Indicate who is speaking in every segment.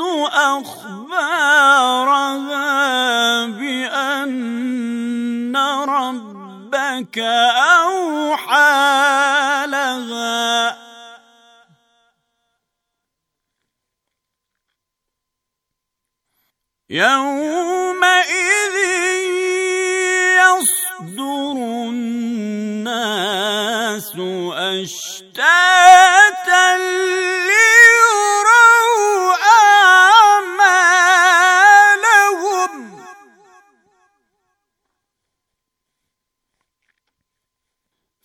Speaker 1: أخبارها بأن ربك أوحى لها يومئذ يصدر الناس أشتاتا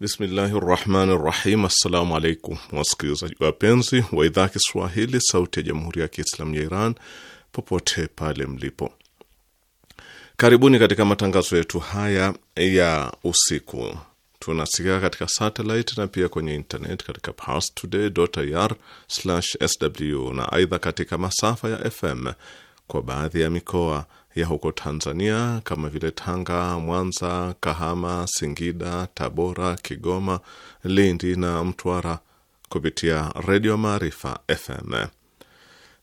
Speaker 2: Bismillahi rahmani rahim. Assalamu alaikum wasikilizaji wapenzi wa idhaa Kiswahili sauti ya jamhuri ya Kiislamu ya Iran popote pale mlipo, karibuni katika matangazo yetu haya ya usiku. Tunasikika katika satelit na pia kwenye internet katika parstoday.ir/sw na aidha katika masafa ya FM kwa baadhi ya mikoa ya huko Tanzania kama vile Tanga, Mwanza, Kahama, Singida, Tabora, Kigoma, Lindi na Mtwara kupitia Redio Maarifa FM.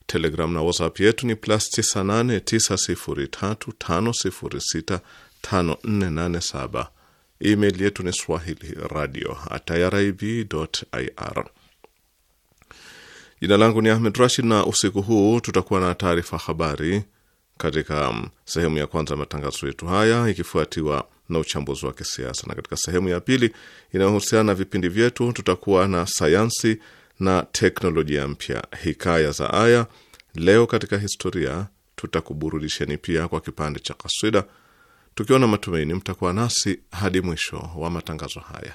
Speaker 2: Telegram na WhatsApp yetu ni plus 989035065487. Email yetu ni swahili radio at Jina langu ni Ahmed Rashid, na usiku huu tutakuwa na taarifa habari katika um, sehemu ya kwanza ya matangazo yetu haya, ikifuatiwa na uchambuzi wa kisiasa, na katika sehemu ya pili inayohusiana na vipindi vyetu tutakuwa na sayansi na teknolojia mpya, hikaya za aya, leo katika historia, tutakuburudisheni pia kwa kipande cha kaswida, tukiwa na matumaini mtakuwa nasi hadi mwisho wa matangazo haya.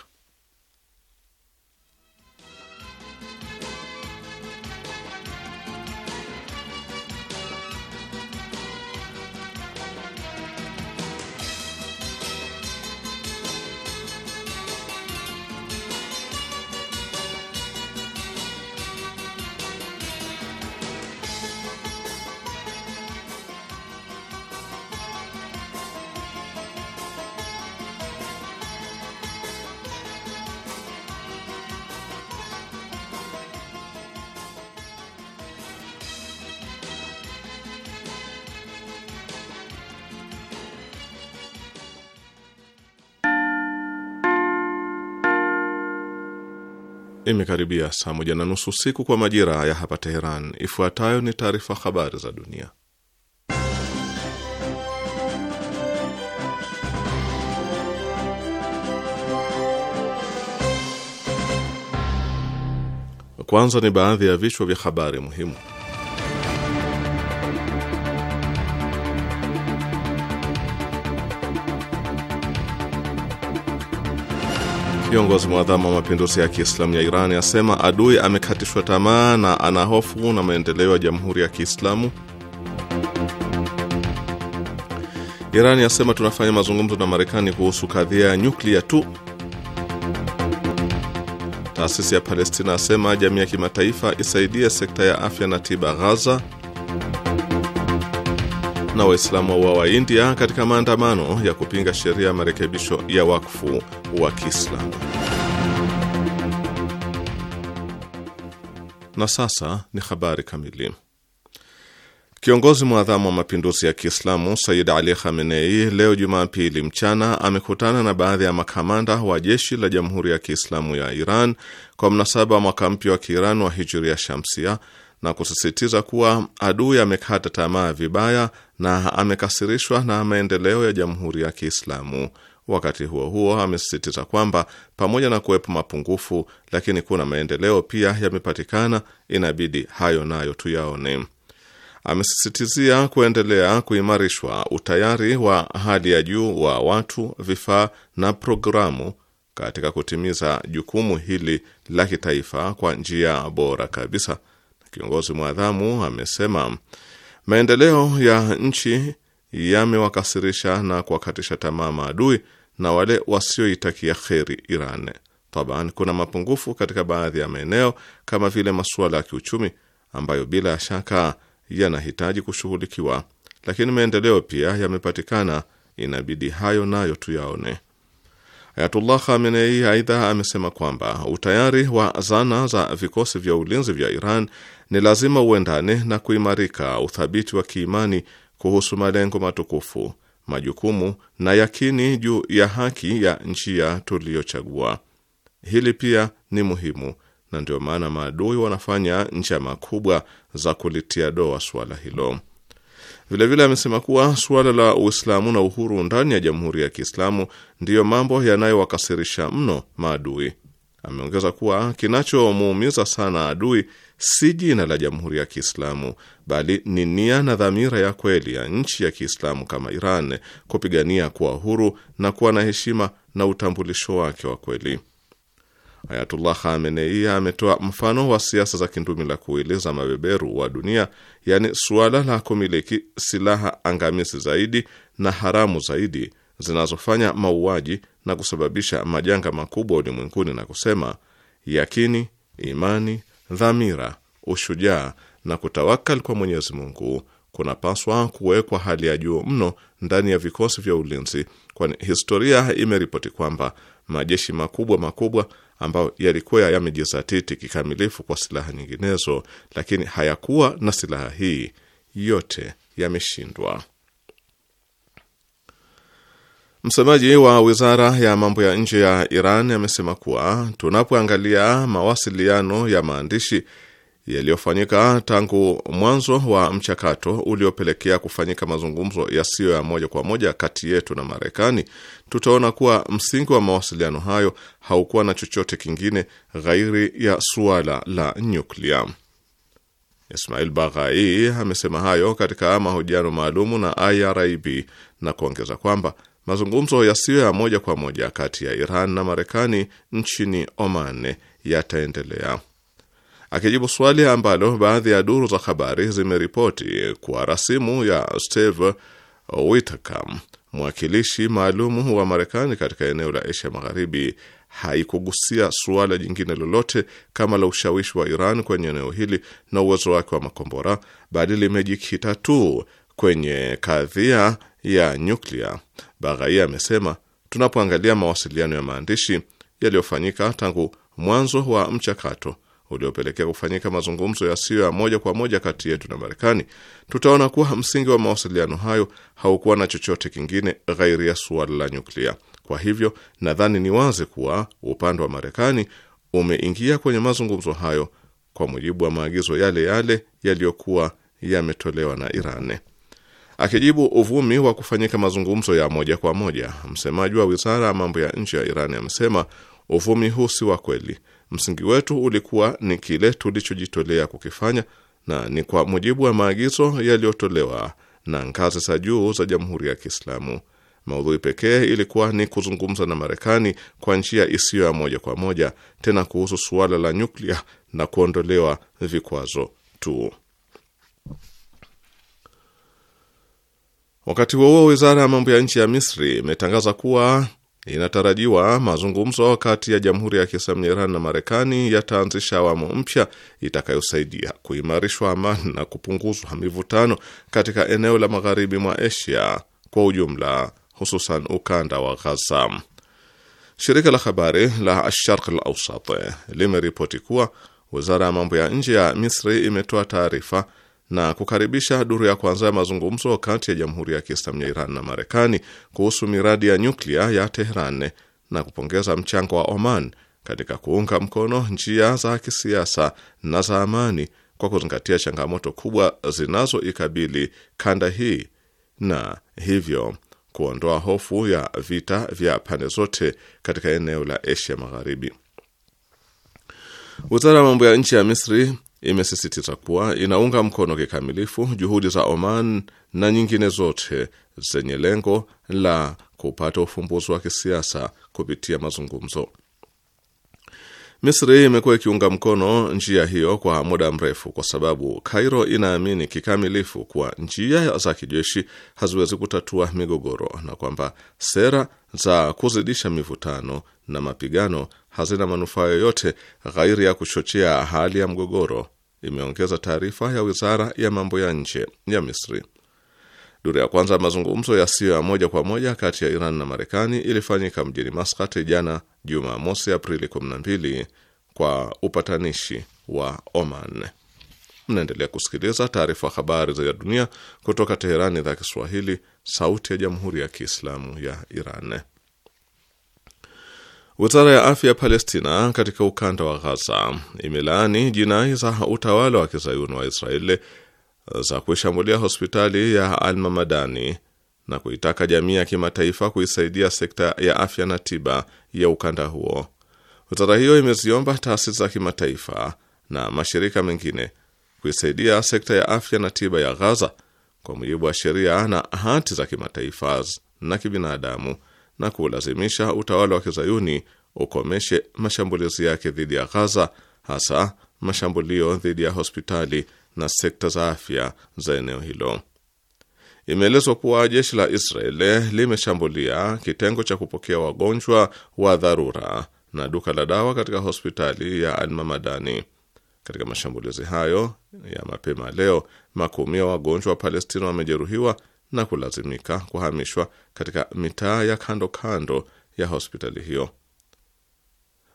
Speaker 2: Imekaribia saa moja na nusu usiku kwa majira ya hapa Teheran. Ifuatayo ni taarifa habari za dunia. Kwanza ni baadhi ya vichwa vya habari muhimu. Kiongozi mwadhamu wa mapinduzi ya Kiislamu ya Iran asema adui amekatishwa tamaa na ana hofu na maendeleo ya Jamhuri ya Kiislamu. Iran yasema tunafanya mazungumzo na Marekani kuhusu kadhia ya nyuklia tu. Taasisi ya Palestina asema jamii ya kimataifa isaidie sekta ya afya na tiba Ghaza. Na Waislamu wa wa India katika maandamano ya kupinga sheria ya marekebisho ya wakfu wa Kiislamu. Na sasa ni habari kamili. Kiongozi mwadhamu wa mapinduzi ya Kiislamu Sayyid Ali Khamenei leo Jumapili mchana amekutana na baadhi ya makamanda wa jeshi la Jamhuri ya Kiislamu ya Iran kwa mnasaba wa mwaka mpya wa Kiiran wa Hijiria Shamsia na kusisitiza kuwa adui amekata tamaa vibaya na amekasirishwa na maendeleo ya Jamhuri ya Kiislamu Wakati huo huo, amesisitiza kwamba pamoja na kuwepo mapungufu, lakini kuna maendeleo pia yamepatikana, inabidi hayo nayo tuyaone. Amesisitizia kuendelea kuimarishwa utayari wa hali ya juu wa watu, vifaa na programu katika kutimiza jukumu hili la kitaifa kwa njia bora kabisa. Kiongozi mwadhamu amesema maendeleo ya nchi yamewakasirisha na kuwakatisha tamaa maadui, na wale wasioitakia kheri Iran. Taban, kuna mapungufu katika baadhi ya maeneo kama vile masuala ya kiuchumi ambayo bila shaka yanahitaji kushughulikiwa, lakini maendeleo pia yamepatikana, inabidi hayo nayo tuyaone. Ayatullah Khamenei aidha amesema kwamba utayari wa zana za vikosi vya ulinzi vya Iran ni lazima uendane na kuimarika uthabiti wa kiimani kuhusu malengo matukufu majukumu na yakini juu ya haki ya njia tuliyochagua. Hili pia ni muhimu, na ndio maana maadui wanafanya njama kubwa za kulitia doa suala hilo. Vilevile amesema kuwa suala la Uislamu na uhuru ndani ya Jamhuri ya Kiislamu ndiyo mambo yanayowakasirisha mno maadui. Ameongeza kuwa kinachomuumiza sana adui si jina la Jamhuri ya Kiislamu bali ni nia na dhamira ya kweli ya nchi ya Kiislamu kama Iran kupigania kuwa huru na kuwa na heshima na utambulisho wake wa kweli. Ayatullah Khamenei ametoa mfano wa siasa za kindumi la kueleza mabeberu wa dunia, yaani suala la kumiliki silaha angamizi zaidi na haramu zaidi zinazofanya mauaji na kusababisha majanga makubwa ulimwenguni, na kusema yakini, imani dhamira, ushujaa na kutawakal kwa Mwenyezi Mungu kunapaswa kuwekwa hali ya juu mno ndani ya vikosi vya ulinzi, kwani historia imeripoti kwamba majeshi makubwa makubwa ambayo yalikuwa yamejizatiti kikamilifu kwa silaha nyinginezo, lakini hayakuwa na silaha hii, yote yameshindwa. Msemaji wa wizara ya mambo ya nje ya Iran amesema kuwa tunapoangalia mawasiliano ya maandishi yaliyofanyika tangu mwanzo wa mchakato uliopelekea kufanyika mazungumzo yasiyo ya moja kwa moja kati yetu na Marekani, tutaona kuwa msingi wa mawasiliano hayo haukuwa na chochote kingine ghairi ya suala la nyuklia. Ismail Baghai amesema hayo katika mahojiano maalumu na IRIB na kuongeza kwamba Mazungumzo yasiyo ya moja kwa moja kati ya Iran na Marekani nchini Oman yataendelea. Akijibu swali ambalo baadhi ya duru za habari zimeripoti kwa rasimu ya Steve Witker, mwakilishi maalumu wa Marekani katika eneo la Asia Magharibi, haikugusia suala jingine lolote kama la ushawishi wa Iran kwenye eneo hili na uwezo wake wa makombora, bali limejikita tu kwenye kadhia ya nyuklia Baghai amesema tunapoangalia mawasiliano ya maandishi yaliyofanyika tangu mwanzo wa mchakato uliopelekea kufanyika mazungumzo yasiyo ya moja kwa moja kati yetu na Marekani, tutaona kuwa msingi wa mawasiliano hayo haukuwa na chochote kingine ghairi ya suala la nyuklia. Kwa hivyo, nadhani ni wazi kuwa upande wa Marekani umeingia kwenye mazungumzo hayo kwa mujibu wa maagizo yale yale yaliyokuwa yametolewa na Iran. Akijibu uvumi wa kufanyika mazungumzo ya moja kwa moja, msemaji wa wizara ya mambo ya nje ya Iran amesema uvumi huu si wa kweli. Msingi wetu ulikuwa ni kile tulichojitolea kukifanya na ni kwa mujibu wa maagizo yaliyotolewa na ngazi za juu za Jamhuri ya Kiislamu. Maudhui pekee ilikuwa ni kuzungumza na Marekani kwa njia isiyo ya moja kwa moja, tena kuhusu suala la nyuklia na kuondolewa vikwazo tu. Wakati huo huo, wizara ya mambo ya nchi ya Misri imetangaza kuwa inatarajiwa mazungumzo kati ya Jamhuri ya Kiislamu ya Iran na Marekani yataanzisha awamu mpya itakayosaidia kuimarishwa amani na kupunguzwa mivutano katika eneo la magharibi mwa Asia kwa ujumla, hususan ukanda wa Ghaza. Shirika la habari la Asharq al Ausat limeripoti kuwa wizara ya mambo ya nje ya Misri imetoa taarifa na kukaribisha duru ya kwanza ya mazungumzo kati ya Jamhuri ya Kiislamu ya Iran na Marekani kuhusu miradi ya nyuklia ya Tehran na kupongeza mchango wa Oman katika kuunga mkono njia za kisiasa na za amani kwa kuzingatia changamoto kubwa zinazoikabili kanda hii na hivyo kuondoa hofu ya vita vya pande zote katika eneo la Asia Magharibi. Wizara ya mambo ya nchi ya Misri imesisitiza kuwa inaunga mkono kikamilifu juhudi za Oman na nyingine zote zenye lengo la kupata ufumbuzi wa kisiasa kupitia mazungumzo. Misri imekuwa ikiunga mkono njia hiyo kwa muda mrefu, kwa sababu Kairo inaamini kikamilifu kuwa njia za kijeshi haziwezi kutatua migogoro na kwamba sera za kuzidisha mivutano na mapigano hazina manufaa yoyote ghairi ya kuchochea hali ya mgogoro, imeongeza taarifa ya wizara ya mambo ya nje ya Misri. Duru ya kwanza ya mazungumzo yasiyo ya moja kwa moja kati ya Iran na Marekani ilifanyika mjini Maskat jana Jumamosi, Aprili 12 kwa upatanishi wa Oman. Mnaendelea kusikiliza taarifa habari za dunia kutoka Teherani, idhaa Kiswahili, sauti ya jamhuri ya kiislamu ya Iran. Wizara ya afya ya Palestina katika ukanda wa Ghaza imelaani jinai za utawala wa kizayuni wa Israeli za kuishambulia hospitali ya Almamadani na kuitaka jamii ya kimataifa kuisaidia sekta ya afya na tiba ya ukanda huo. Wizara hiyo imeziomba taasisi za kimataifa na mashirika mengine kuisaidia sekta ya afya na tiba ya Ghaza kwa mujibu wa sheria na hati za kimataifa na kibinadamu na kuulazimisha utawala wa kizayuni ukomeshe mashambulizi yake dhidi ya Ghaza, hasa mashambulio dhidi ya hospitali na sekta za afya za eneo hilo. Imeelezwa kuwa jeshi la Israeli limeshambulia kitengo cha kupokea wagonjwa wa dharura na duka la dawa katika hospitali ya Almamadani. Katika mashambulizi hayo ya mapema leo, makumi ya wagonjwa wa Palestina wamejeruhiwa na kulazimika kuhamishwa katika mitaa ya kando kando ya hospitali hiyo.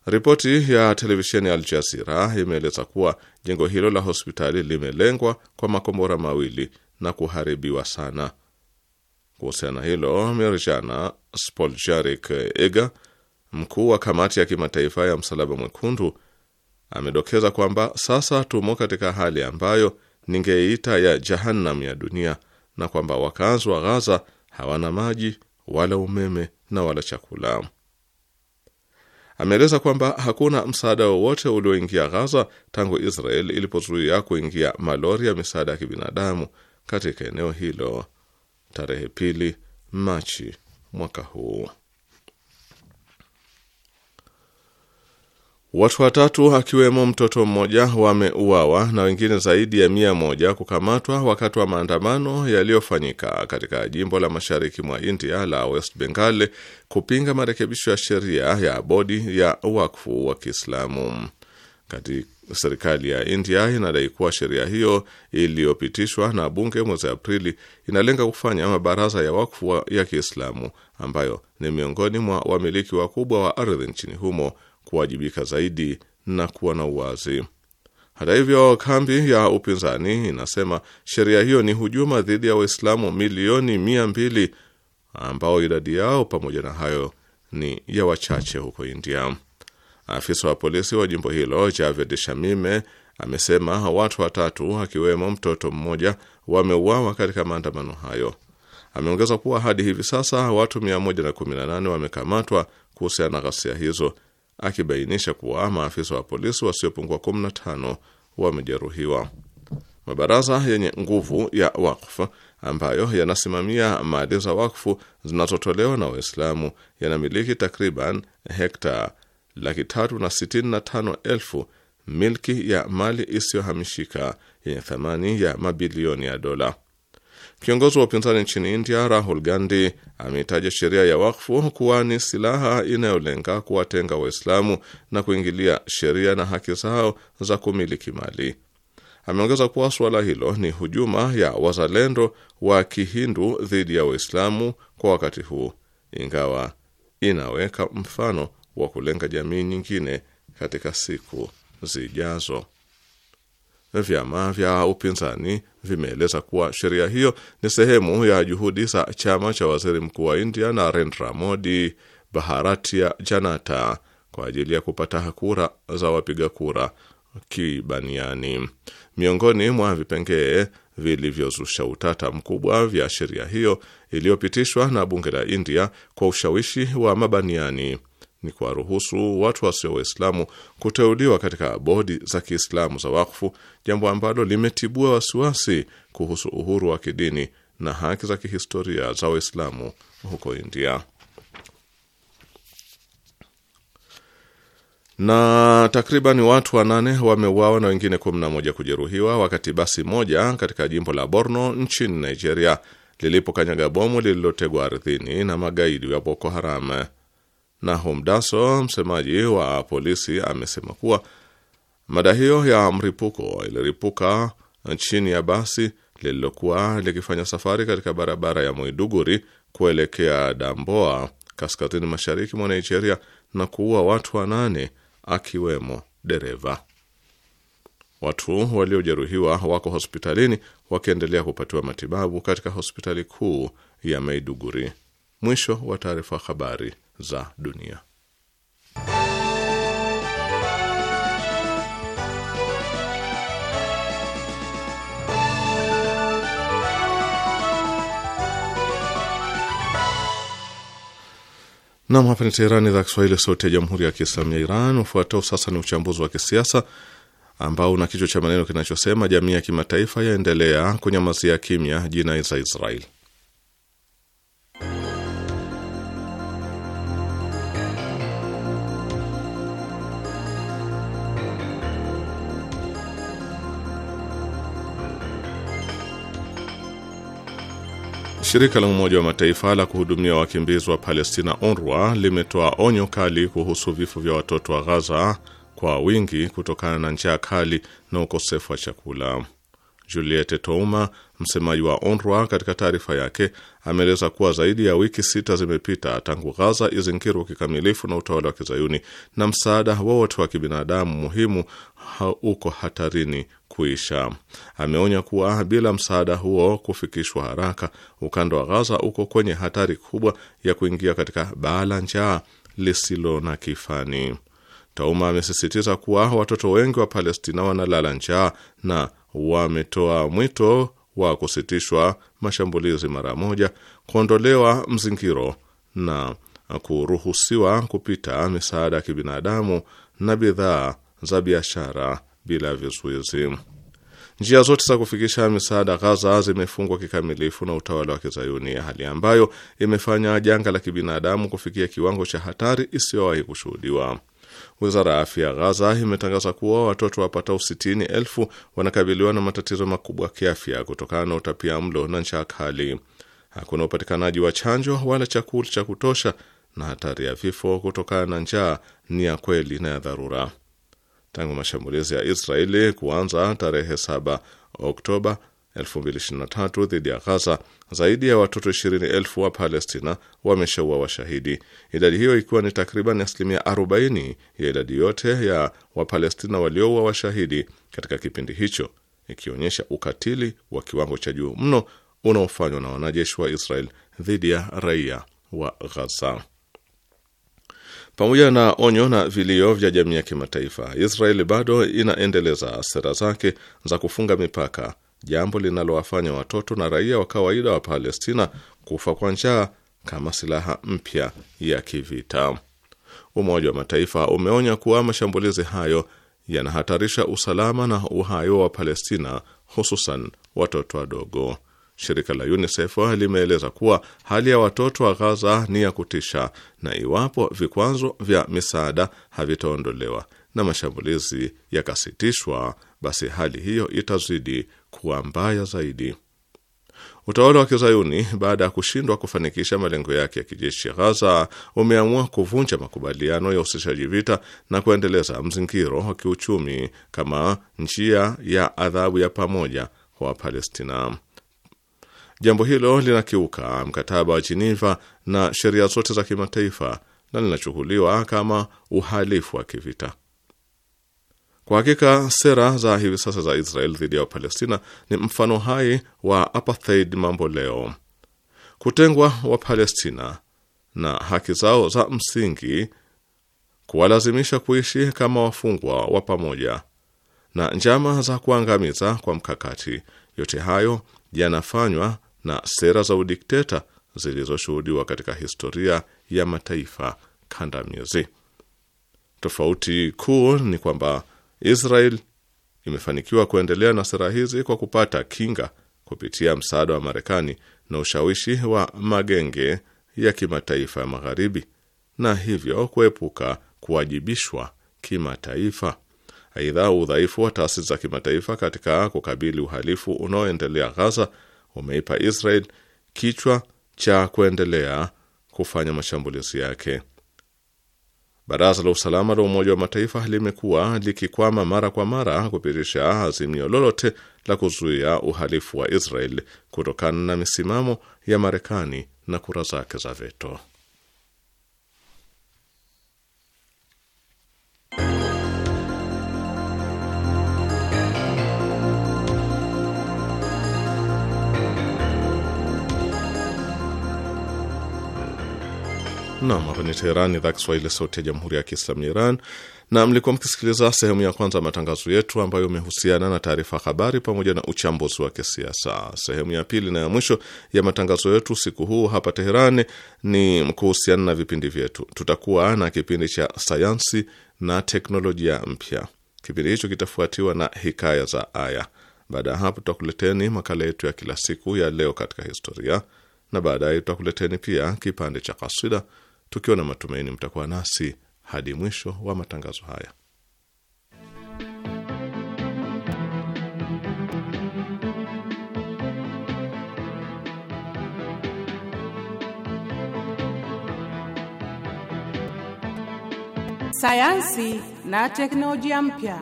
Speaker 2: Ripoti ya televisheni ya Al Jazeera imeeleza kuwa jengo hilo la hospitali limelengwa kwa makombora mawili na kuharibiwa sana. Kuhusiana hilo, Mirjana Spoljarik Ega, mkuu wa kamati ya kimataifa ya Msalaba Mwekundu, amedokeza kwamba sasa tumo katika hali ambayo ningeita ya jahannam ya dunia na kwamba wakazi wa Ghaza hawana maji wala umeme na wala chakula. Ameeleza kwamba hakuna msaada wowote ulioingia Ghaza tangu Israel ilipozuia kuingia malori ya misaada ya kibinadamu katika eneo hilo tarehe pili Machi mwaka huu. Watu watatu akiwemo mtoto mmoja wameuawa na wengine zaidi ya mia moja kukamatwa wakati wa maandamano yaliyofanyika katika jimbo la mashariki mwa India la West Bengal kupinga marekebisho ya sheria ya bodi ya wakfu wa Kiislamu. Kati serikali ya India inadai kuwa sheria hiyo iliyopitishwa na bunge mwezi Aprili inalenga kufanya mabaraza ya wakfu ya Kiislamu ambayo ni miongoni mwa wamiliki wakubwa wa ardhi nchini humo kuwajibika zaidi na kuwa na uwazi. Hata hivyo, kambi ya upinzani inasema sheria hiyo ni hujuma dhidi ya Waislamu milioni mia mbili ambao idadi yao pamoja na hayo ni ya wachache huko India. Afisa wa polisi wa jimbo hilo Javed Shamime amesema watu watatu akiwemo mtoto mmoja wameuawa katika maandamano hayo. Ameongeza kuwa hadi hivi sasa watu 118 wamekamatwa kuhusiana na ghasia hizo akibainisha kuwa maafisa wa polisi wasiopungua 15 wamejeruhiwa. Mabaraza yenye nguvu ya wakfu ambayo yanasimamia mali za wakfu zinazotolewa na Waislamu yanamiliki takriban hekta laki tatu na sitini na tano elfu milki ya mali isiyohamishika yenye thamani ya mabilioni ya dola. Kiongozi wa upinzani nchini India Rahul Gandhi ameitaja sheria ya wakfu kuwa ni silaha inayolenga kuwatenga Waislamu na kuingilia sheria na haki zao za kumiliki mali. Ameongeza kuwa suala hilo ni hujuma ya wazalendo wa Kihindu dhidi ya Waislamu kwa wakati huu, ingawa inaweka mfano wa kulenga jamii nyingine katika siku zijazo. Vyama vya upinzani vimeeleza kuwa sheria hiyo ni sehemu ya juhudi za chama cha waziri mkuu wa India Narendra Modi Bharatiya Janata kwa ajili ya kupata kura za wapiga kura kibaniani. Miongoni mwa vipengee vilivyozusha utata mkubwa vya sheria hiyo iliyopitishwa na bunge la India kwa ushawishi wa mabaniani ni kuwaruhusu watu wasio Waislamu kuteuliwa katika bodi za Kiislamu za wakfu, jambo ambalo limetibua wasiwasi kuhusu uhuru wa kidini na haki za kihistoria za Waislamu huko India. na takriban watu wanane wameuawa na wengine 11 kujeruhiwa wakati basi moja katika jimbo la Borno nchini Nigeria lilipokanyaga bomu lililotegwa ardhini na magaidi wa Boko Haram. Nahum Daso, msemaji wa polisi, amesema kuwa mada hiyo ya mripuko iliripuka chini ya basi lililokuwa likifanya safari katika barabara ya Muiduguri kuelekea Damboa, kaskazini mashariki mwa Nigeria, na kuua watu wanane akiwemo dereva. Watu waliojeruhiwa wako hospitalini wakiendelea kupatiwa matibabu katika hospitali kuu ya Maiduguri. Mwisho wa taarifa. Habari za dunia. Nam, hapa ni Teherani, idhaa Kiswahili, sauti ya jamhuri ya kiislamu ya Iran. Ufuatao sasa ni uchambuzi wa kisiasa ambao una kichwa cha maneno kinachosema jamii ya kimataifa yaendelea kunyamazia kimya jinai za Israeli. Shirika la Umoja wa Mataifa la kuhudumia wakimbizi wa Palestina UNRWA limetoa onyo kali kuhusu vifo vya watoto wa Gaza kwa wingi kutokana na njaa kali na ukosefu wa chakula. Juliette Touma, msemaji wa UNRWA, katika taarifa yake ameeleza kuwa zaidi ya wiki sita zimepita tangu Ghaza izingirwa kikamilifu na utawala wa Kizayuni na msaada wowote wa kibinadamu muhimu uko hatarini kuisha. Ameonya kuwa bila msaada huo kufikishwa haraka, ukanda wa Ghaza uko kwenye hatari kubwa ya kuingia katika baa la njaa lisilo na kifani. Tauma amesisitiza kuwa watoto wengi wa Palestina wanalala njaa na wametoa mwito wa kusitishwa mashambulizi mara moja, kuondolewa mzingiro na kuruhusiwa kupita misaada ya kibinadamu na bidhaa za biashara bila vizuizi. Njia zote za kufikisha misaada Ghaza zimefungwa kikamilifu na utawala wa kizayuni, hali ambayo imefanya janga la kibinadamu kufikia kiwango cha hatari isiyowahi kushuhudiwa. Wizara ya afya ya Ghaza imetangaza kuwa watoto wapatao sitini elfu wanakabiliwa na matatizo makubwa ya kiafya kutokana na utapia mlo na njaa kali. Hakuna upatikanaji wa chanjo wala chakula cha kutosha, na hatari ya vifo kutokana na njaa ni ya kweli na ya dharura tangu mashambulizi ya Israeli kuanza tarehe 7 Oktoba 2023 dhidi ya Ghaza, zaidi ya watoto 20,000 wa Palestina wameshaua washahidi, idadi hiyo ikiwa ni takriban asilimia 40 ya idadi yote ya Wapalestina walioua washahidi katika kipindi hicho, ikionyesha ukatili wa kiwango cha juu mno unaofanywa na wanajeshi wa Israel dhidi ya raia wa Ghaza. Pamoja na onyo na vilio vya jamii ya kimataifa, Israeli bado inaendeleza sera zake za kufunga mipaka, jambo linalowafanya watoto na raia wa kawaida wa Palestina kufa kwa njaa kama silaha mpya ya kivita. Umoja wa Mataifa umeonya kuwa mashambulizi hayo yanahatarisha usalama na uhai wa Wapalestina, hususan watoto wadogo. Shirika la UNICEF limeeleza kuwa hali ya watoto wa Gaza ni ya kutisha, na iwapo vikwazo vya misaada havitaondolewa na mashambulizi yakasitishwa, basi hali hiyo itazidi kuwa mbaya zaidi. Utawala wa kizayuni baada ya kushindwa kufanikisha malengo yake ya kijeshi ya Ghaza umeamua kuvunja makubaliano ya usitishaji vita na kuendeleza mzingiro wa kiuchumi kama njia ya adhabu ya pamoja kwa Wapalestina. Jambo hilo linakiuka mkataba wa Geneva na sheria zote za kimataifa na linachukuliwa kama uhalifu wa kivita. Kwa hakika sera za hivi sasa za Israel dhidi ya Wapalestina ni mfano hai wa apartheid mambo leo. Kutengwa Wapalestina na haki zao za msingi, kuwalazimisha kuishi kama wafungwa wa pamoja, na njama za kuangamiza kwa mkakati, yote hayo yanafanywa na sera za udikteta zilizoshuhudiwa katika historia ya mataifa kandamizi. Tofauti kuu ni kwamba Israel imefanikiwa kuendelea na sera hizi kwa kupata kinga kupitia msaada wa Marekani na ushawishi wa magenge ya kimataifa ya Magharibi na hivyo kuepuka kuwajibishwa kimataifa. Aidha, udhaifu wa taasisi za kimataifa katika kukabili uhalifu unaoendelea Ghaza umeipa Israel kichwa cha kuendelea kufanya mashambulizi yake. Baraza la Usalama la Umoja wa Mataifa limekuwa likikwama mara kwa mara kupitisha azimio lolote la kuzuia uhalifu wa Israel kutokana na misimamo ya Marekani na kura zake za veto. Nam, hapa ni Teheran, idhaa Kiswahili, sauti ya jamhuri ya kiislamu ya Iran. Na mlikuwa mkisikiliza sehemu ya kwanza ya matangazo yetu ambayo imehusiana na taarifa habari pamoja na uchambuzi wa kisiasa. Sehemu ya pili na ya mwisho ya matangazo yetu siku huu hapa Teherani ni kuhusiana na vipindi vyetu. Tutakuwa na kipindi cha sayansi na teknolojia mpya. Kipindi hicho kitafuatiwa na hikaya za aya. Baada ya hapo, tutakuleteni makala yetu ya kila siku ya leo katika historia, na baadaye tutakuleteni pia kipande cha kasida tukiwa na matumaini mtakuwa nasi hadi mwisho wa matangazo haya. Sayansi na teknolojia mpya.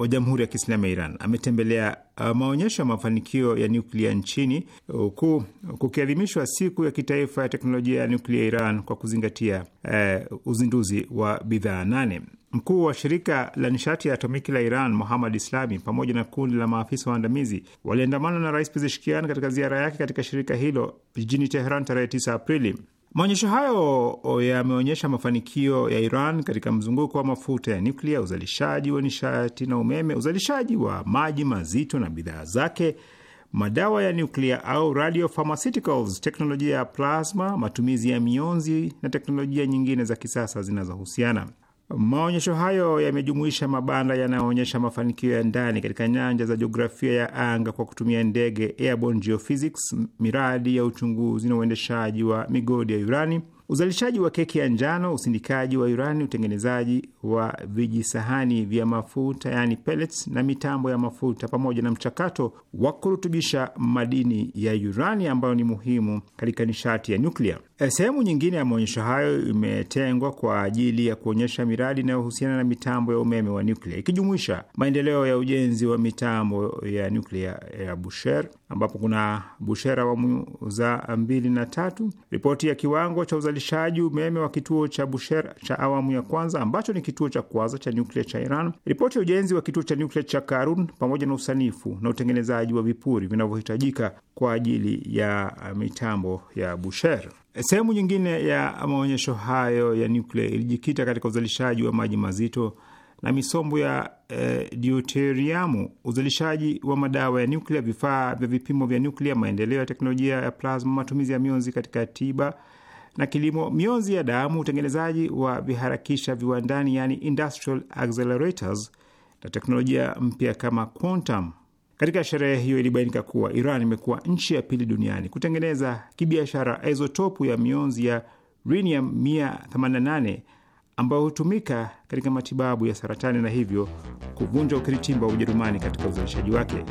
Speaker 3: wa Jamhuri ya Kiislamu ya Iran ametembelea uh, maonyesho ya mafanikio ya nyuklia nchini huku kukiadhimishwa siku ya kitaifa ya teknolojia ya nuklia Iran kwa kuzingatia uh, uzinduzi wa bidhaa nane. Mkuu wa shirika la nishati ya atomiki la Iran Muhammad Islami pamoja na kundi la maafisa waandamizi waliandamana na Rais Pezeshkian katika ziara yake katika shirika hilo jijini Teheran tarehe 9 Aprili. Maonyesho hayo yameonyesha mafanikio ya Iran katika mzunguko wa mafuta ya nyuklia, uzalishaji wa nishati na umeme, uzalishaji wa maji mazito na bidhaa zake, madawa ya nyuklia au radiopharmaceuticals, teknolojia ya plasma, matumizi ya mionzi na teknolojia nyingine za kisasa zinazohusiana. Maonyesho hayo yamejumuisha mabanda yanayoonyesha mafanikio ya ndani katika nyanja za jiografia ya anga kwa kutumia ndege, airborne geophysics, miradi ya uchunguzi na uendeshaji wa migodi ya urani uzalishaji wa keki ya njano, usindikaji wa urani, utengenezaji wa vijisahani vya mafuta yani pellets, na mitambo ya mafuta pamoja na mchakato wa kurutubisha madini ya urani ambayo ni muhimu katika nishati ya nyuklia. E, sehemu nyingine ya maonyesho hayo imetengwa kwa ajili ya kuonyesha miradi inayohusiana na mitambo ya umeme wa nyuklia ikijumuisha maendeleo ya ujenzi wa mitambo ya nyuklia ya Busher ambapo kuna Busher awamu za mbili na tatu, ripoti ya kiwango cha uzalishaji uzalishaji umeme wa kituo cha Busher cha awamu ya kwanza ambacho ni kituo cha kwanza cha nyuklia cha Iran, ripoti ya ujenzi wa kituo cha nyuklia cha Karun pamoja na usanifu na utengenezaji wa vipuri vinavyohitajika kwa ajili ya mitambo ya Busher. Sehemu nyingine ya maonyesho hayo ya nyuklia ilijikita katika uzalishaji wa maji mazito na misombo ya e, eh, deuteriamu, uzalishaji wa madawa ya nyuklia, vifaa vya vipimo vya nyuklia, maendeleo ya teknolojia ya plasma, matumizi ya mionzi katika tiba na kilimo, mionzi ya damu, utengenezaji wa viharakisha viwandani, yani industrial accelerators, na teknolojia mpya kama quantum. Katika sherehe hiyo ilibainika kuwa Iran imekuwa nchi ya pili duniani kutengeneza kibiashara izotopu ya mionzi ya rhenium 188 ambayo hutumika katika matibabu ya saratani na hivyo kuvunja ukiritimba wa Ujerumani katika uzalishaji wake.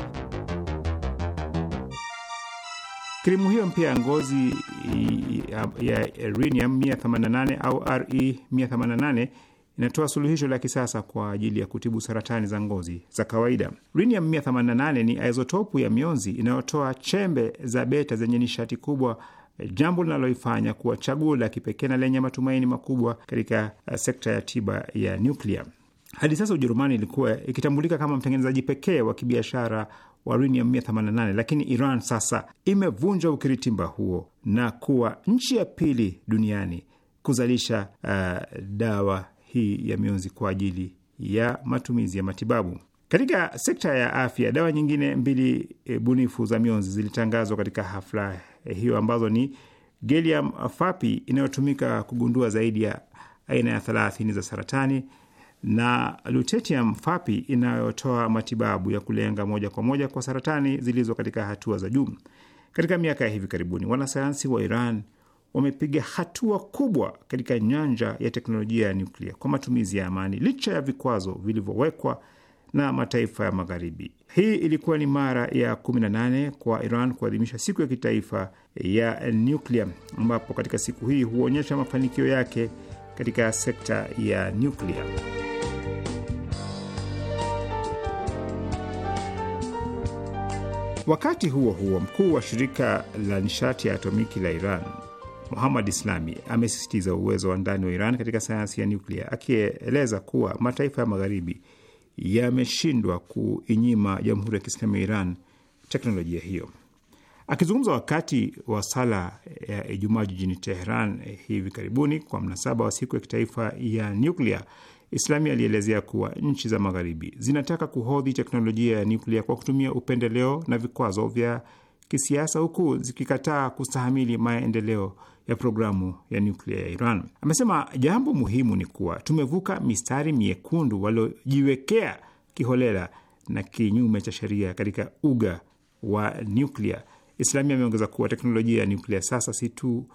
Speaker 3: Krimu hiyo mpya ya ngozi ya uranium 188 au Re 188 inatoa suluhisho la kisasa kwa ajili ya kutibu saratani za ngozi za kawaida. Rhenium 188 ni isotopu ya mionzi inayotoa chembe za beta zenye nishati kubwa, jambo linaloifanya kuwa chaguo la kipekee na lenye matumaini makubwa katika uh, sekta ya tiba ya nuklia Hadi sasa Ujerumani ilikuwa ikitambulika kama mtengenezaji pekee wa kibiashara wa uranium 188 lakini Iran sasa imevunjwa ukiritimba huo na kuwa nchi ya pili duniani kuzalisha uh, dawa hii ya mionzi kwa ajili ya matumizi ya matibabu. Katika sekta ya afya, dawa nyingine mbili e, bunifu za mionzi zilitangazwa katika hafla e, hiyo ambazo ni gallium fapi inayotumika kugundua zaidi ya aina ya thelathini za saratani na lutetium fapi inayotoa matibabu ya kulenga moja kwa moja kwa saratani zilizo katika hatua za juu. Katika miaka ya hivi karibuni, wanasayansi wa Iran wamepiga hatua kubwa katika nyanja ya teknolojia ya nyuklia kwa matumizi ya amani, licha ya vikwazo vilivyowekwa na mataifa ya Magharibi. Hii ilikuwa ni mara ya 18 kwa Iran kuadhimisha siku ya kitaifa ya nyuklia, ambapo katika siku hii huonyesha mafanikio yake katika sekta ya nyuklia. Wakati huo huo, mkuu wa shirika la nishati ya atomiki la Iran Muhammad Islami amesisitiza uwezo wa ndani wa Iran katika sayansi ya nyuklia, akieleza kuwa mataifa ya Magharibi yameshindwa kuinyima Jamhuri ya Kiislamu ya Iran teknolojia hiyo. Akizungumza wakati wa sala ya Ijumaa jijini Teheran eh, hivi karibuni kwa mnasaba wa siku ya kitaifa ya nyuklia, Islami alielezea kuwa nchi za Magharibi zinataka kuhodhi teknolojia ya nyuklia kwa kutumia upendeleo na vikwazo vya kisiasa, huku zikikataa kustahamili maendeleo ya programu ya nyuklia ya Iran. Amesema jambo muhimu ni kuwa tumevuka mistari miekundu waliojiwekea kiholela na kinyume cha sheria katika uga wa nyuklia Islamia ameongeza kuwa teknolojia ya nyuklia sasa si tu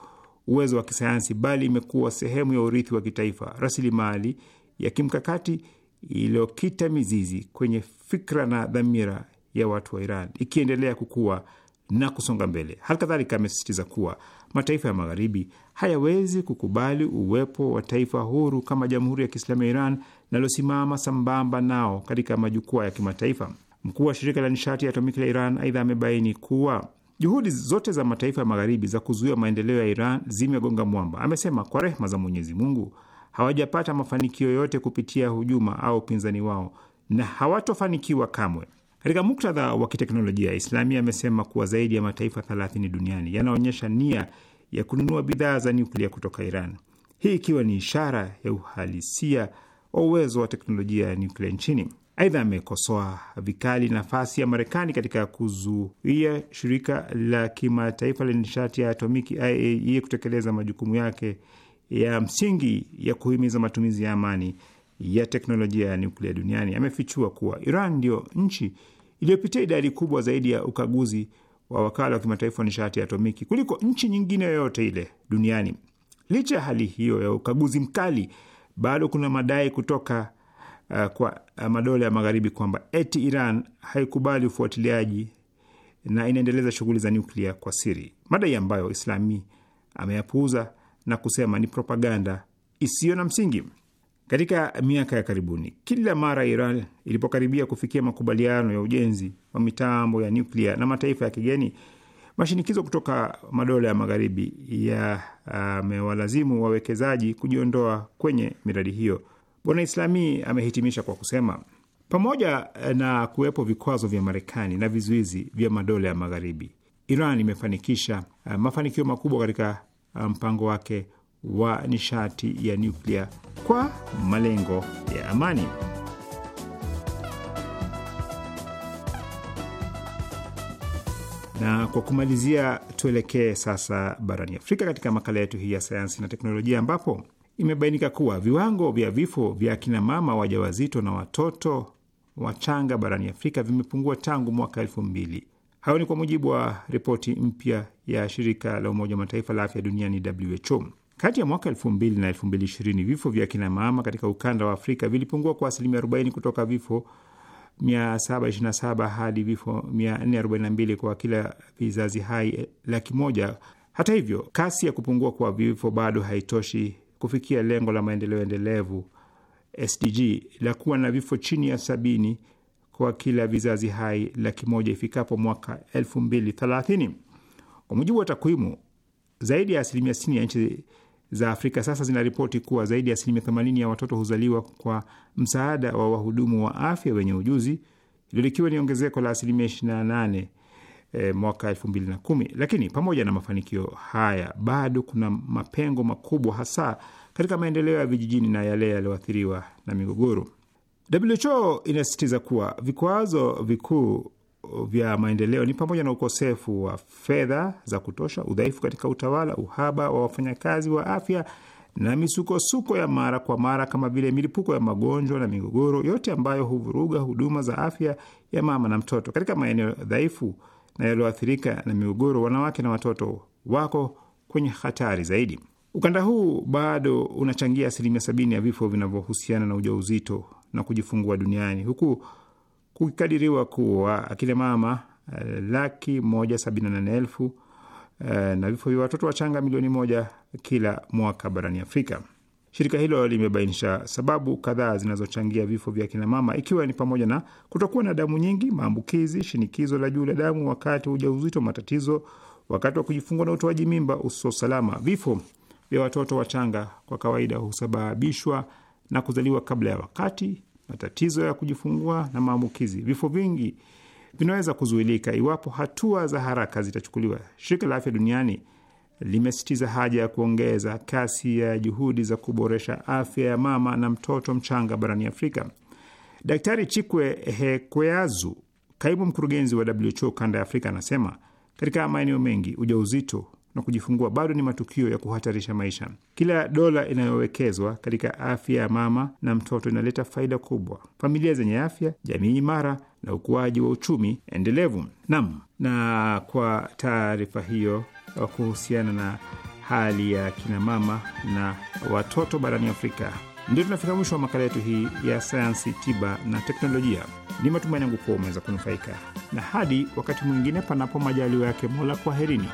Speaker 3: uwezo wa kisayansi, bali imekuwa sehemu ya urithi wa kitaifa, rasilimali ya kimkakati iliyokita mizizi kwenye fikra na dhamira ya watu wa Iran, ikiendelea kukua na kusonga mbele. Hali kadhalika amesisitiza kuwa mataifa ya Magharibi hayawezi kukubali uwepo wa taifa huru kama Jamhuri ya Kiislamu ya Iran linalosimama sambamba nao katika majukwaa ya kimataifa. Mkuu wa shirika la nishati ya atomiki la Iran aidha amebaini kuwa Juhudi zote za mataifa ya magharibi za kuzuia maendeleo ya Iran zimegonga mwamba. Amesema kwa rehma za Mwenyezi Mungu hawajapata mafanikio yote kupitia hujuma au upinzani wao na hawatofanikiwa kamwe. Katika muktadha wa kiteknolojia Islamia amesema kuwa zaidi ya mataifa 30 duniani yanaonyesha nia ya kununua bidhaa za nyuklia kutoka Iran, hii ikiwa ni ishara ya uhalisia wa uwezo wa teknolojia ya nyuklia nchini. Aidha, amekosoa vikali nafasi ya Marekani katika kuzuia shirika la kimataifa la nishati ya atomiki IAEA e, kutekeleza majukumu yake ya msingi ya kuhimiza matumizi ya amani ya teknolojia ya nuklia duniani. Amefichua kuwa Iran ndio nchi iliyopitia idadi kubwa zaidi ya ukaguzi wa wakala wa kimataifa wa nishati ya atomiki kuliko nchi nyingine yoyote ile duniani. Licha ya hali hiyo ya ukaguzi mkali, bado kuna madai kutoka Uh, kwa uh, madola ya magharibi kwamba eti Iran haikubali ufuatiliaji na inaendeleza shughuli za nyuklia kwa siri, madai ambayo Islami ameyapuuza na kusema ni propaganda isiyo na msingi. Katika miaka ya karibuni, kila mara Iran ilipokaribia kufikia makubaliano ya ujenzi wa mitambo ya nyuklia na mataifa ya kigeni, mashinikizo kutoka madola ya magharibi yamewalazimu wawekezaji kujiondoa kwenye miradi hiyo. Bwana Islami amehitimisha kwa kusema pamoja eh, na kuwepo vikwazo vya Marekani na vizuizi vya madola ya Magharibi, Iran imefanikisha eh, mafanikio makubwa katika eh, mpango wake wa nishati ya nyuklia kwa malengo ya amani. Na kwa kumalizia, tuelekee sasa barani Afrika katika makala yetu hii ya sayansi na teknolojia, ambapo imebainika kuwa viwango vya vifo vya akinamama wajawazito na watoto wachanga barani Afrika vimepungua tangu mwaka elfu mbili. Hayo ni kwa mujibu wa ripoti mpya ya shirika la Umoja wa Mataifa la afya duniani WHO. Kati ya mwaka elfu mbili na elfu mbili ishirini vifo vya akinamama katika ukanda wa Afrika vilipungua kwa asilimia 40 kutoka vifo 727 hadi vifo 442 kwa kila vizazi hai eh, laki moja. Hata hivyo, kasi ya kupungua kwa vifo bado haitoshi kufikia lengo la maendeleo endelevu SDG la kuwa na vifo chini ya sabini kwa kila vizazi hai laki moja ifikapo mwaka elfu mbili thelathini. Kwa mujibu wa takwimu, zaidi ya asilimia 60 ya nchi za Afrika sasa zinaripoti kuwa zaidi ya asilimia 80 ya watoto huzaliwa kwa msaada wa wahudumu wa afya wenye ujuzi, hilo likiwa ni ongezeko la asilimia 28 e, mwaka elfu mbili na kumi. Lakini pamoja na mafanikio haya bado kuna mapengo makubwa hasa katika maendeleo ya vijijini na yale yaliyoathiriwa na migogoro. WHO inasisitiza kuwa vikwazo vikuu vya maendeleo ni pamoja na ukosefu wa fedha za kutosha, udhaifu katika utawala, uhaba wa wafanyakazi wa afya na misukosuko ya mara kwa mara kama vile milipuko ya magonjwa na migogoro, yote ambayo huvuruga huduma za afya ya mama na mtoto. Katika maeneo dhaifu na yaliyoathirika na migogoro, wanawake na watoto wako kwenye hatari zaidi. Ukanda huu bado unachangia asilimia sabini ya vifo vinavyohusiana na ujauzito na kujifungua duniani huku kukikadiriwa kuwa akina mama eh, laki moja sabini na nane elfu eh, na vifo vya watoto wachanga milioni moja kila mwaka barani Afrika. Shirika hilo limebainisha sababu kadhaa zinazochangia vifo vya kinamama ikiwa ni pamoja na kutokuwa na damu nyingi, maambukizi, shinikizo la juu la damu wakati wa ujauzito, matatizo wakati wa kujifungua na utoaji mimba usio salama Vifo vya watoto wachanga kwa kawaida husababishwa na kuzaliwa kabla ya wakati, matatizo ya kujifungua na maambukizi. Vifo vingi vinaweza kuzuilika iwapo hatua za haraka zitachukuliwa. Shirika la Afya Duniani limesitiza haja ya kuongeza kasi ya juhudi za kuboresha afya ya mama na mtoto mchanga barani Afrika. Daktari Chikwe Hekweazu, kaimu mkurugenzi wa WHO kanda ya Afrika, anasema katika maeneo mengi ujauzito na kujifungua bado ni matukio ya kuhatarisha maisha. Kila dola inayowekezwa katika afya ya mama na mtoto inaleta faida kubwa: familia zenye afya, jamii imara na ukuaji wa uchumi endelevu. Nam, na kwa taarifa hiyo kuhusiana na hali ya kinamama na watoto barani Afrika. Ndio tunafika mwisho wa makala yetu hii ya sayansi, tiba na teknolojia. Ni matumaini yangu kuwa umeweza kunufaika, na hadi wakati mwingine, panapo majaliwa yake Mola, kwaherini.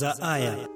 Speaker 3: za aya.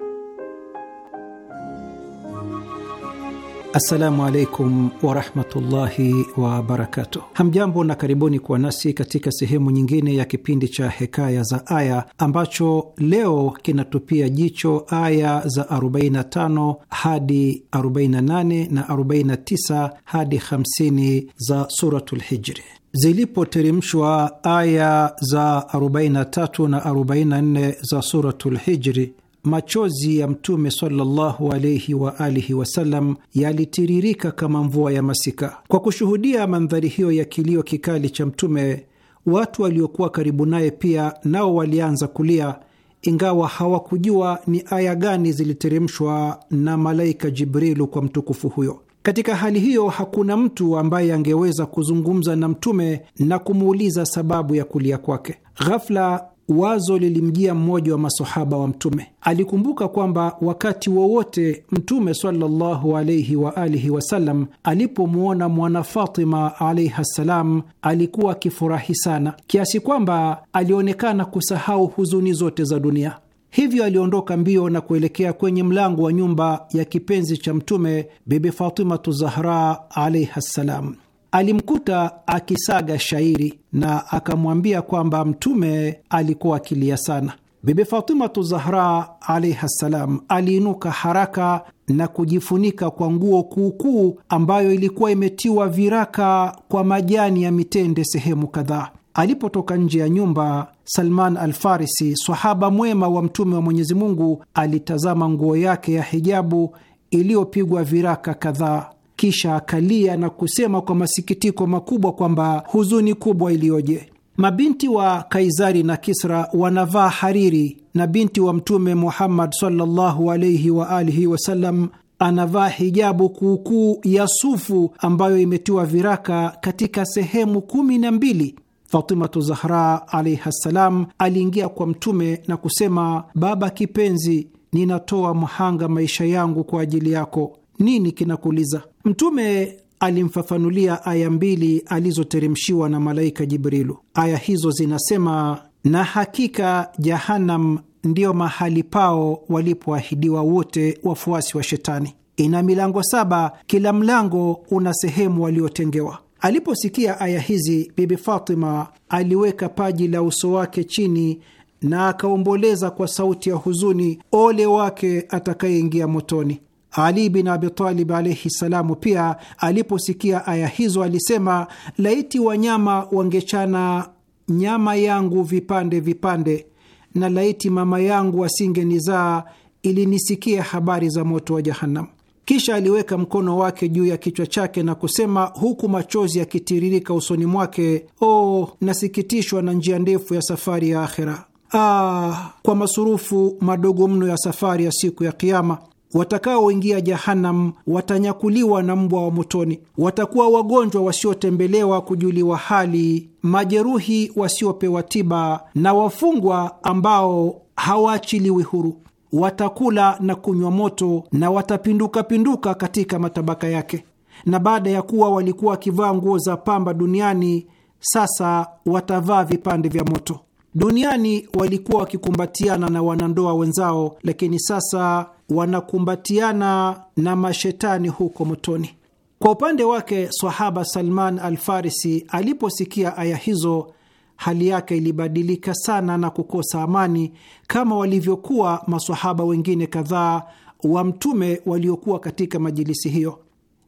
Speaker 4: Assalamu alaikum warahmatullahi wabarakatuh. Hamjambo na karibuni kuwa nasi katika sehemu nyingine ya kipindi cha Hekaya za Aya ambacho leo kinatupia jicho aya za 45 hadi 48 na 49 hadi 50 za Suratul Hijri. Zilipoteremshwa aya za 43 na 44 za Suratul Hijri machozi ya Mtume sallallahu alaihi wa alihi wasallam yalitiririka kama mvua ya masika. Kwa kushuhudia mandhari hiyo ya kilio kikali cha Mtume, watu waliokuwa karibu naye pia nao walianza kulia, ingawa hawakujua ni aya gani ziliteremshwa na malaika Jibrilu kwa mtukufu huyo. Katika hali hiyo, hakuna mtu ambaye angeweza kuzungumza na Mtume na kumuuliza sababu ya kulia kwake. Ghafla wazo lilimjia mmoja wa masohaba wa Mtume. Alikumbuka kwamba wakati wowote Mtume sallallahu alaihi wa alihi wasallam alipomwona mwana Fatima alaihi ssalam alikuwa akifurahi sana kiasi kwamba alionekana kusahau huzuni zote za dunia. Hivyo aliondoka mbio na kuelekea kwenye mlango wa nyumba ya kipenzi cha Mtume, Bibi Fatimatu Zahra alaihi ssalam alimkuta akisaga shairi na akamwambia kwamba Mtume alikuwa akilia sana. Bibi Fatimatu Zahra alaihi ssalam aliinuka haraka na kujifunika kwa nguo kuukuu ambayo ilikuwa imetiwa viraka kwa majani ya mitende sehemu kadhaa. Alipotoka nje ya nyumba, Salman Alfarisi, swahaba mwema wa Mtume wa Mwenyezi Mungu, alitazama nguo yake ya hijabu iliyopigwa viraka kadhaa kisha akalia na kusema kwa masikitiko makubwa kwamba huzuni kubwa iliyoje! Mabinti wa Kaisari na Kisra wanavaa hariri na binti wa Mtume Muhammad sallallahu alaihi wa alihi wasallam anavaa hijabu kuukuu ya sufu ambayo imetiwa viraka katika sehemu kumi na mbili. Fatimatu Zahra alaihi ssalam aliingia kwa Mtume na kusema, baba kipenzi, ninatoa mhanga maisha yangu kwa ajili yako nini kinakuuliza? Mtume alimfafanulia aya mbili alizoteremshiwa na malaika Jibrilu. Aya hizo zinasema, na hakika Jahanam ndiyo mahali pao walipoahidiwa wote wafuasi wa Shetani, ina milango saba, kila mlango una sehemu waliotengewa. Aliposikia aya hizi, Bibi Fatima aliweka paji la uso wake chini na akaomboleza kwa sauti ya huzuni, ole wake atakayeingia motoni. Ali bin Abitalib alaihi salamu pia aliposikia aya hizo alisema, laiti wanyama wangechana nyama yangu vipande vipande, na laiti mama yangu asingenizaa ili nisikie habari za moto wa Jahannam. Kisha aliweka mkono wake juu ya kichwa chake na kusema huku machozi yakitiririka usoni mwake, o oh, nasikitishwa na njia ndefu ya safari ya akhera. Ah, kwa masurufu madogo mno ya safari ya siku ya Kiama. Watakaoingia Jahanam watanyakuliwa na mbwa wa motoni. Watakuwa wagonjwa wasiotembelewa kujuliwa hali, majeruhi wasiopewa tiba, na wafungwa ambao hawaachiliwi huru. Watakula na kunywa moto na watapindukapinduka katika matabaka yake, na baada ya kuwa walikuwa wakivaa nguo za pamba duniani, sasa watavaa vipande vya moto. Duniani walikuwa wakikumbatiana na wanandoa wenzao, lakini sasa wanakumbatiana na mashetani huko motoni. Kwa upande wake, swahaba Salman Alfarisi aliposikia aya hizo, hali yake ilibadilika sana na kukosa amani kama walivyokuwa masahaba wengine kadhaa wa Mtume waliokuwa katika majilisi hiyo.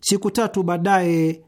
Speaker 4: Siku tatu baadaye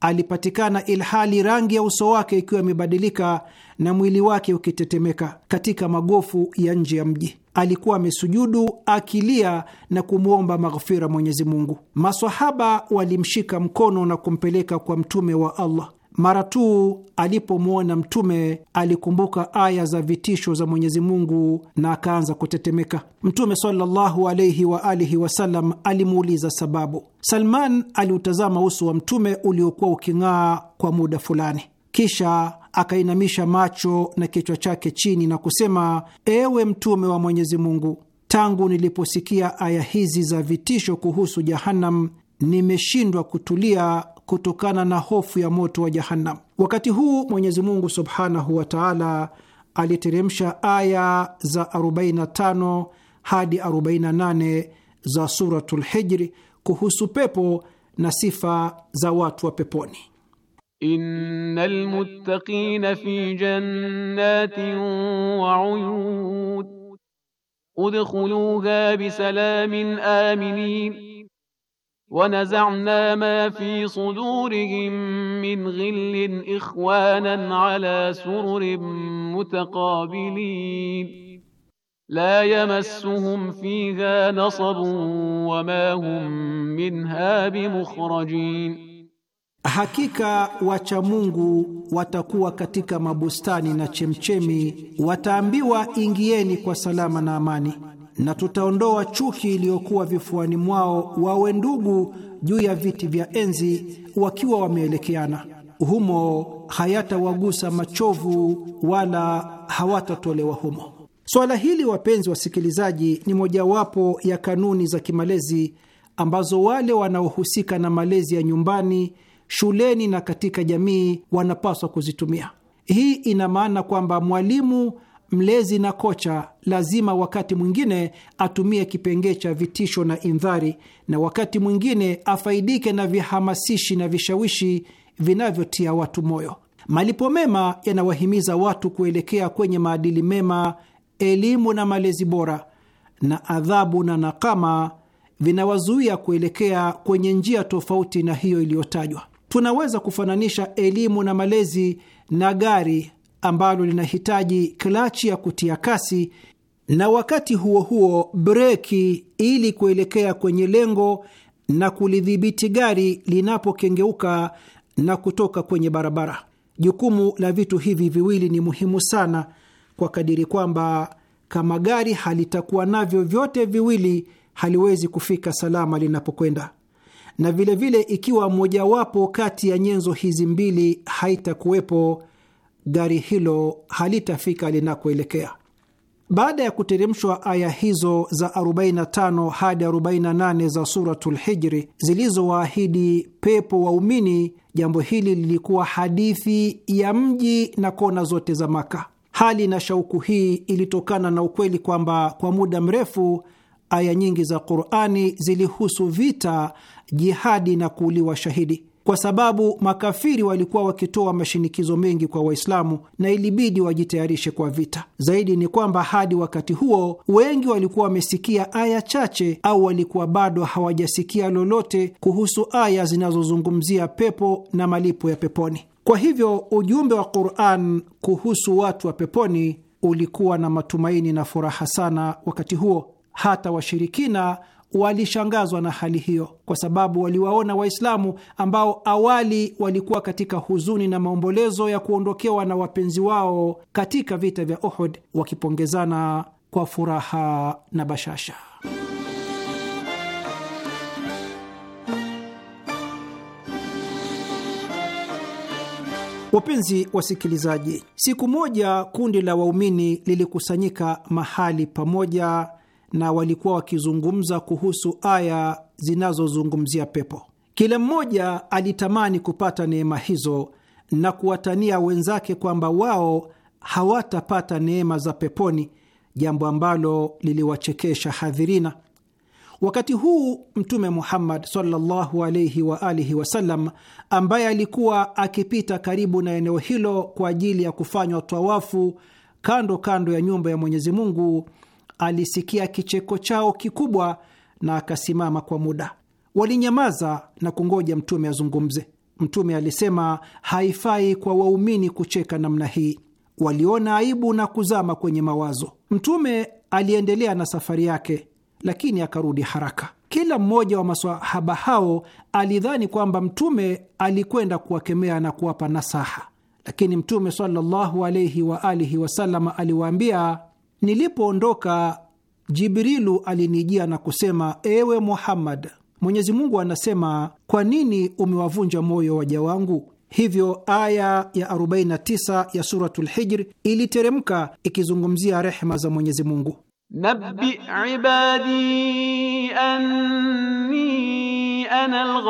Speaker 4: alipatikana ilhali rangi ya uso wake ikiwa imebadilika na mwili wake ukitetemeka katika magofu ya nje ya mji alikuwa amesujudu akilia na kumwomba maghfira Mwenyezi Mungu. Masahaba walimshika mkono na kumpeleka kwa mtume wa Allah. Mara tu alipomwona mtume alikumbuka aya za vitisho za Mwenyezi Mungu na akaanza kutetemeka. Mtume sallallahu alaihi wa alihi wasallam alimuuliza sababu. Salman aliutazama uso wa mtume uliokuwa uking'aa kwa muda fulani, kisha akainamisha macho na kichwa chake chini na kusema, ewe Mtume wa Mwenyezi Mungu, tangu niliposikia aya hizi za vitisho kuhusu Jahannam nimeshindwa kutulia kutokana na hofu ya moto wa Jahannam. Wakati huu Mwenyezi Mungu subhanahu wa taala aliteremsha aya za 45 hadi 48 za Suratul Hijri kuhusu pepo na sifa za watu wa peponi.
Speaker 1: إن المتقين في جنات وعيون أدخلوها بسلام آمنين ونزعنا ما في صدورهم من غل إخوانا على سرر متقابلين لا يمسهم فيها نصب وما هم منها
Speaker 4: بمخرجين Hakika wacha Mungu watakuwa katika mabustani na chemchemi, wataambiwa ingieni kwa salama na amani, na tutaondoa chuki iliyokuwa vifuani mwao, wawe ndugu juu ya viti vya enzi, wakiwa wameelekeana. Humo hayatawagusa machovu, wala hawatatolewa humo. Swala hili, wapenzi wasikilizaji, ni mojawapo ya kanuni za kimalezi ambazo wale wanaohusika na malezi ya nyumbani shuleni na katika jamii wanapaswa kuzitumia. Hii ina maana kwamba mwalimu, mlezi na kocha lazima wakati mwingine atumie kipengee cha vitisho na indhari, na wakati mwingine afaidike na vihamasishi na vishawishi vinavyotia watu moyo. Malipo mema yanawahimiza watu kuelekea kwenye maadili mema, elimu na malezi bora, na adhabu na nakama vinawazuia kuelekea kwenye njia tofauti na hiyo iliyotajwa tunaweza kufananisha elimu na malezi na gari ambalo linahitaji klachi ya kutia kasi na wakati huo huo breki ili kuelekea kwenye lengo na kulidhibiti gari linapokengeuka na kutoka kwenye barabara. Jukumu la vitu hivi viwili ni muhimu sana kwa kadiri kwamba kama gari halitakuwa navyo vyote viwili, haliwezi kufika salama linapokwenda na vilevile vile ikiwa mojawapo kati ya nyenzo hizi mbili haitakuwepo, gari hilo halitafika linakoelekea. Baada ya kuteremshwa aya hizo za 45 hadi 48 za Suratul Hijri zilizowaahidi pepo waumini, jambo hili lilikuwa hadithi ya mji na kona zote za Maka. Hali na shauku hii ilitokana na ukweli kwamba kwa muda mrefu aya nyingi za Qurani zilihusu vita jihadi na kuuliwa shahidi, kwa sababu makafiri walikuwa wakitoa mashinikizo mengi kwa Waislamu na ilibidi wajitayarishe kwa vita. Zaidi ni kwamba hadi wakati huo wengi walikuwa wamesikia aya chache au walikuwa bado hawajasikia lolote kuhusu aya zinazozungumzia pepo na malipo ya peponi. Kwa hivyo ujumbe wa Quran kuhusu watu wa peponi ulikuwa na matumaini na furaha sana wakati huo. Hata washirikina walishangazwa na hali hiyo, kwa sababu waliwaona Waislamu ambao awali walikuwa katika huzuni na maombolezo ya kuondokewa na wapenzi wao katika vita vya Uhud wakipongezana kwa furaha na bashasha. Wapenzi wasikilizaji, siku moja kundi la waumini lilikusanyika mahali pamoja na walikuwa wakizungumza kuhusu aya zinazozungumzia pepo. Kila mmoja alitamani kupata neema hizo na kuwatania wenzake kwamba wao hawatapata neema za peponi, jambo ambalo liliwachekesha hadhirina. Wakati huu Mtume Muhammad sallallahu alayhi wa alihi wasallam, ambaye alikuwa akipita karibu na eneo hilo kwa ajili ya kufanywa twawafu kando kando ya nyumba ya Mwenyezi Mungu, alisikia kicheko chao kikubwa na akasimama kwa muda. Walinyamaza na kungoja mtume azungumze. Mtume alisema, haifai kwa waumini kucheka namna hii. Waliona aibu na kuzama kwenye mawazo. Mtume aliendelea na safari yake, lakini akarudi haraka. Kila mmoja wa masahaba hao alidhani kwamba mtume alikwenda kuwakemea na kuwapa nasaha, lakini mtume sallallahu alaihi waalihi wasalama aliwaambia Nilipoondoka, Jibrilu alinijia na kusema, ewe Muhammad, Mwenyezi Mungu anasema, kwa nini umewavunja moyo waja wangu? Hivyo aya ya 49 ya Suratul Hijr iliteremka ikizungumzia rehema za Mwenyezi Mungu.
Speaker 1: Nabbi ibadi anni ana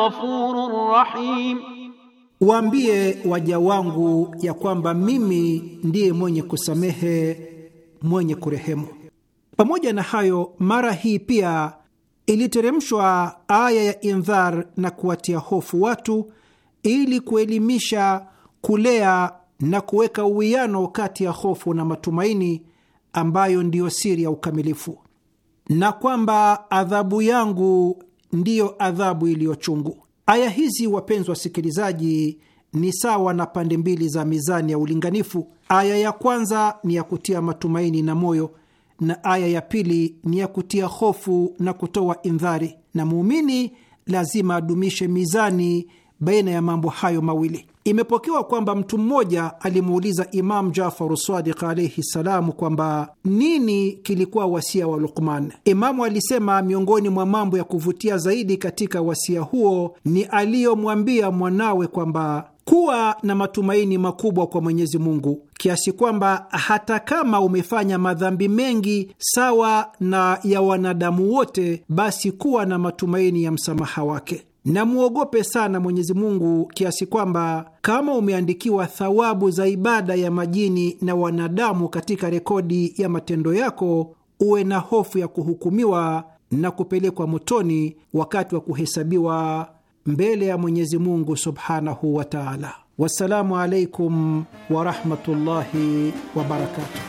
Speaker 4: rahim, waambie waja wangu ya kwamba mimi ndiye mwenye kusamehe mwenye kurehemu. Pamoja na hayo, mara hii pia iliteremshwa aya ya indhar na kuwatia hofu watu ili kuelimisha, kulea na kuweka uwiano kati ya hofu na matumaini ambayo ndiyo siri ya ukamilifu, na kwamba adhabu yangu ndiyo adhabu iliyo chungu. Aya hizi, wapenzi wasikilizaji, ni sawa na pande mbili za mizani ya ulinganifu. Aya ya kwanza ni ya kutia matumaini na moyo, na aya ya pili ni ya kutia hofu na kutoa indhari, na muumini lazima adumishe mizani baina ya mambo hayo mawili. Imepokewa kwamba mtu mmoja alimuuliza Imamu Jafaru Sadiq alaihi ssalamu kwamba nini kilikuwa wasia wa Lukman. Imamu alisema miongoni mwa mambo ya kuvutia zaidi katika wasia huo ni aliyomwambia mwanawe kwamba kuwa na matumaini makubwa kwa Mwenyezi Mungu kiasi kwamba hata kama umefanya madhambi mengi sawa na ya wanadamu wote, basi kuwa na matumaini ya msamaha wake namuogope sana Mwenyezi Mungu kiasi kwamba kama umeandikiwa thawabu za ibada ya majini na wanadamu katika rekodi ya matendo yako, uwe na hofu ya kuhukumiwa na kupelekwa motoni wakati wa kuhesabiwa mbele ya Mwenyezi Mungu subhanahu wa taala. Wassalamu alaikum warahmatullahi wabarakatuh.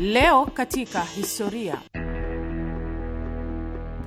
Speaker 1: Leo katika historia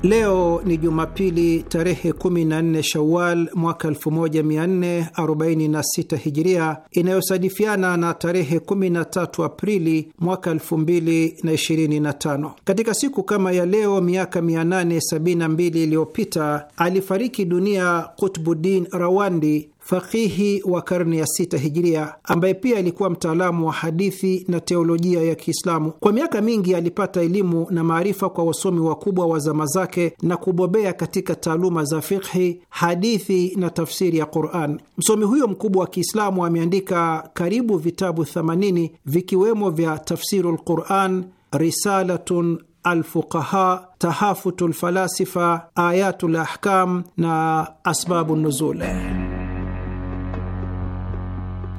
Speaker 4: Leo ni Jumapili tarehe 14 Shawal mwaka 1446 Hijiria, inayosadifiana na tarehe 13 Aprili mwaka 2025. Katika siku kama ya leo miaka 872 iliyopita alifariki dunia Kutbuddin Rawandi, fakihi wa karne ya sita hijiria, ambaye pia alikuwa mtaalamu wa hadithi na teolojia ya Kiislamu. Kwa miaka mingi alipata elimu na maarifa kwa wasomi wakubwa wa zama zake na kubobea katika taaluma za fikhi, hadithi na tafsiri ya Quran. Msomi huyo mkubwa wa Kiislamu ameandika karibu vitabu 80 vikiwemo vya Tafsiru lquran, Risalatun Alfuqaha, Tahafutu lfalasifa, Ayatu lahkam na Asbabu nuzul.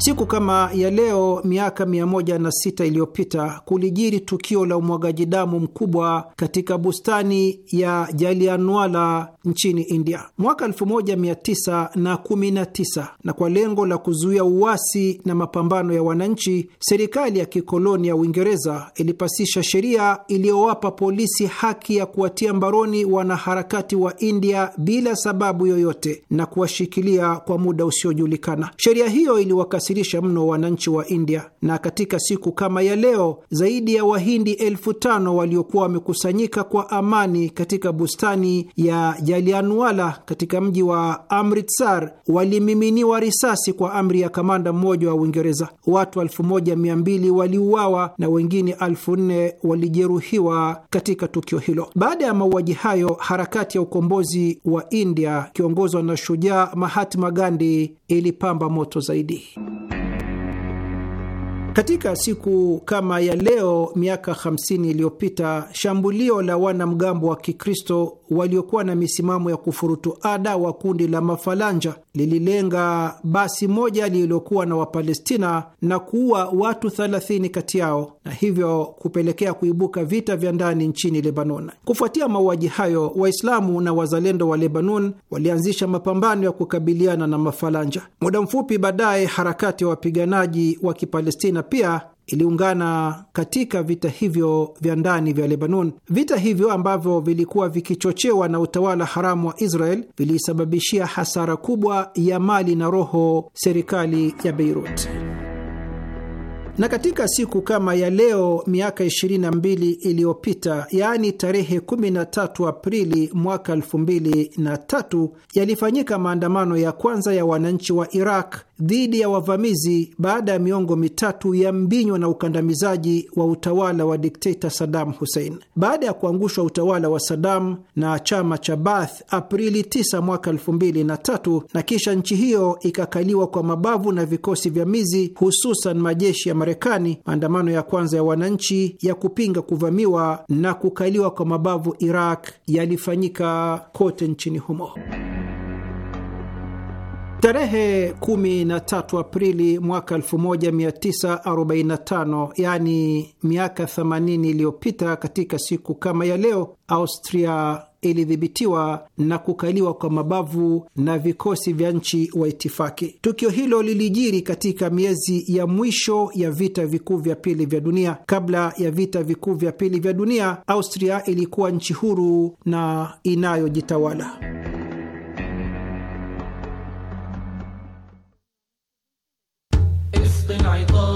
Speaker 4: Siku kama ya leo miaka 16 iliyopita kulijiri tukio la umwagaji damu mkubwa katika bustani ya Jalianwala nchini India mwaka 1919, na kwa lengo la kuzuia uasi na mapambano ya wananchi, serikali ya kikoloni ya Uingereza ilipasisha sheria iliyowapa polisi haki ya kuwatia mbaroni wanaharakati wa India bila sababu yoyote na kuwashikilia kwa muda usiojulikana. Sheria hiyo iliwakasi kuwakasirisha mno wananchi wa India, na katika siku kama ya leo zaidi ya Wahindi elfu tano waliokuwa wamekusanyika kwa amani katika bustani ya Jalianwala katika mji wa Amritsar walimiminiwa risasi kwa amri ya kamanda mmoja wa Uingereza. Watu elfu moja mia mbili waliuawa na wengine elfu nne walijeruhiwa katika tukio hilo. Baada ya mauaji hayo, harakati ya ukombozi wa India kiongozwa na shujaa Mahatma Gandhi ilipamba moto zaidi. Katika siku kama ya leo miaka 50 iliyopita, shambulio la wanamgambo wa Kikristo waliokuwa na misimamo ya kufurutu ada wa kundi la Mafalanja lililenga basi moja lililokuwa na Wapalestina na kuua watu 30 kati yao na hivyo kupelekea kuibuka vita vya ndani nchini Lebanon. Kufuatia mauaji hayo, Waislamu na wazalendo wa Lebanon walianzisha mapambano ya kukabiliana na Mafalanja. Muda mfupi baadaye, harakati ya wapiganaji wa Kipalestina pia iliungana katika vita hivyo vya ndani vya Lebanon. Vita hivyo ambavyo vilikuwa vikichochewa na utawala haramu wa Israel vilisababishia hasara kubwa ya mali na roho serikali ya Beirut na katika siku kama ya leo miaka 22 iliyopita, yaani tarehe 13 Aprili mwaka 2003, yalifanyika maandamano ya kwanza ya wananchi wa Iraq dhidi ya wavamizi baada ya miongo mitatu ya mbinywa na ukandamizaji wa utawala wa dikteta Saddam Hussein. Baada ya kuangushwa utawala wa Saddam na chama cha Baath Aprili 9 mwaka 2003, na kisha nchi hiyo ikakaliwa kwa mabavu na vikosi vya mizi, hususan majeshi ya Marekani, maandamano ya kwanza ya wananchi ya kupinga kuvamiwa na kukaliwa kwa mabavu Iraq yalifanyika kote nchini humo. Tarehe 13 Aprili mwaka 1945, yaani miaka 80 iliyopita, katika siku kama ya leo, Austria ilidhibitiwa na kukaliwa kwa mabavu na vikosi vya nchi wa itifaki. Tukio hilo lilijiri katika miezi ya mwisho ya vita vikuu vya pili vya dunia. Kabla ya vita vikuu vya pili vya dunia, Austria ilikuwa nchi huru na inayojitawala.
Speaker 5: عطار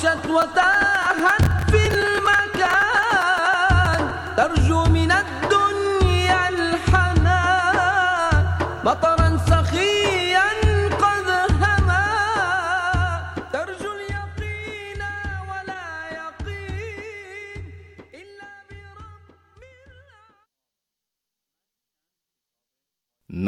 Speaker 5: puxando no altar.